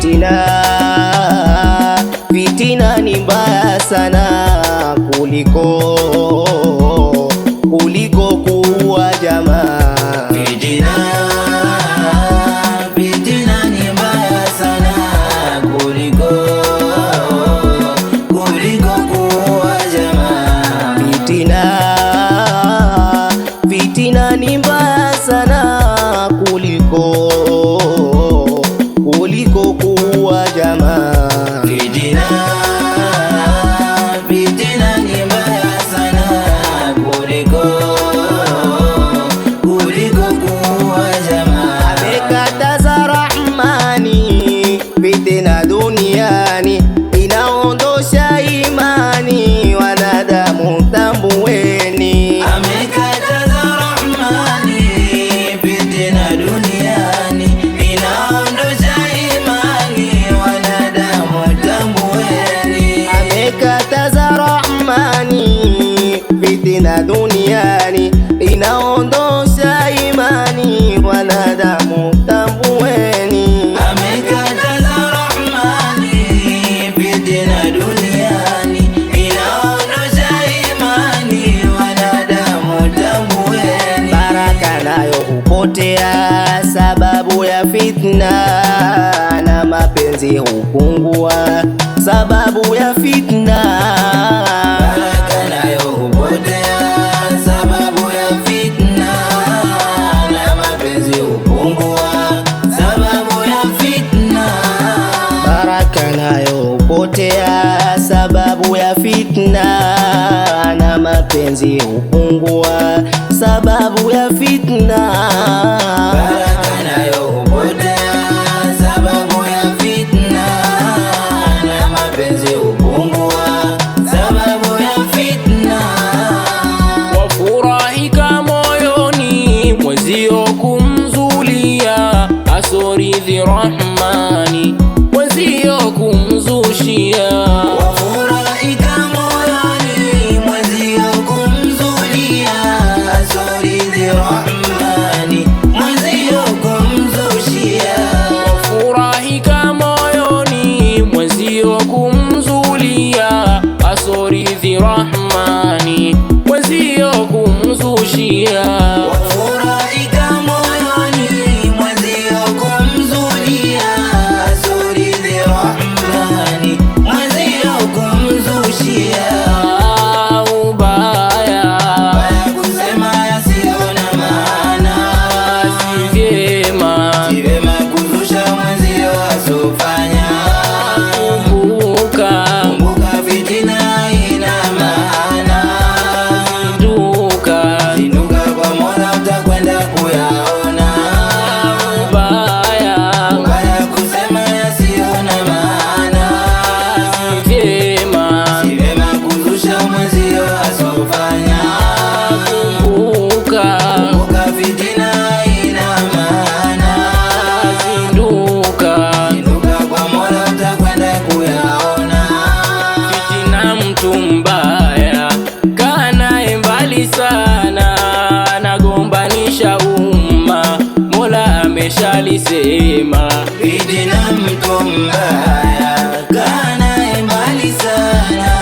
fitina. Fitina ni mbaya sana kuliko kuliko kuua jamaa. Fitina, fitina ni mbaya sana kuliko kuliko kuua jamaa. Fitina, fitina ni mbaya sana kuliko walipokuwa jamaa hupotea sababu ya fitna, na mapenzi hupungua sababu ya fitna. nayo hupotea sababu ya fitna, na mapenzi hupungua nah. kuishia alisema Bidi na mtu mbaya kana mbali sana,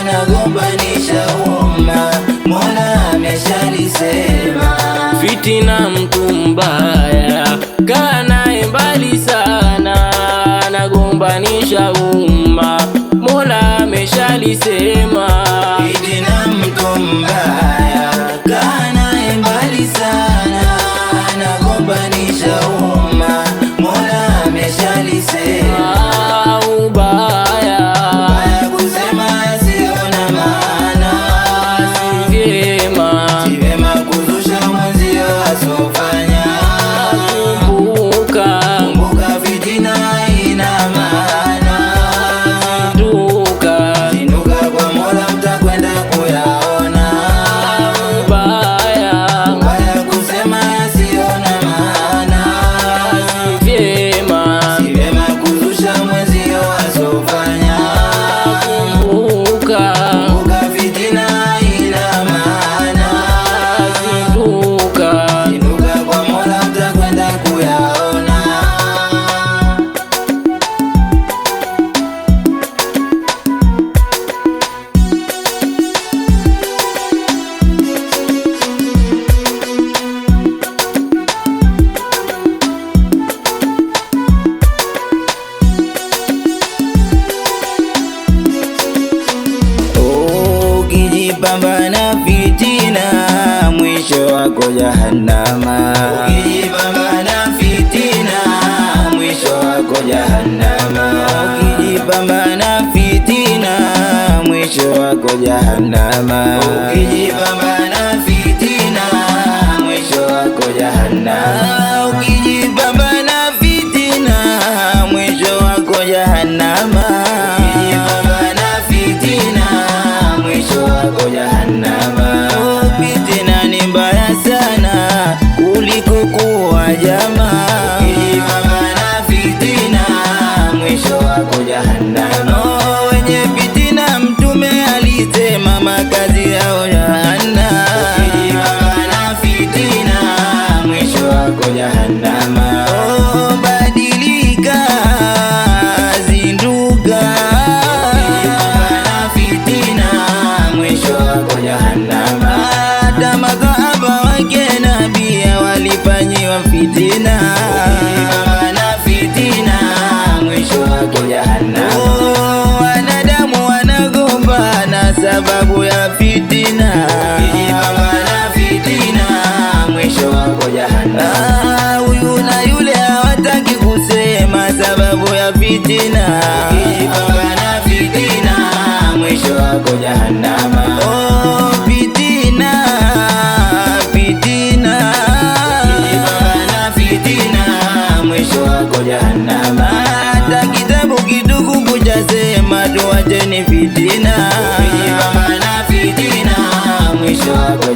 anagombanisha umma, Mola ameshalisema. Fitina mtu mbaya kana mbali sana, anagombanisha umma, Mola ameshalisema. jahannama, ukijipa mana fitina, mwisho wako jahannama, ukijipa mana fitina, mwisho wako jahannama, ukijipa mana fitina, mwisho wako jahannama jahannama, ili mama na fitina, mwisho wako jahannama. wenye fitina Mtume alisema makazi yao jahannama, ili mama na fitina, mwisho wako jahannama. sababu ya fitina, na fitina, mwisho wako jahannam. Ah, huyu na yule hawataki kusema sababu ya fitina, mwisho wako jahannam. Fitina, mwisho wako jahannam. Oh, ¡Gracias!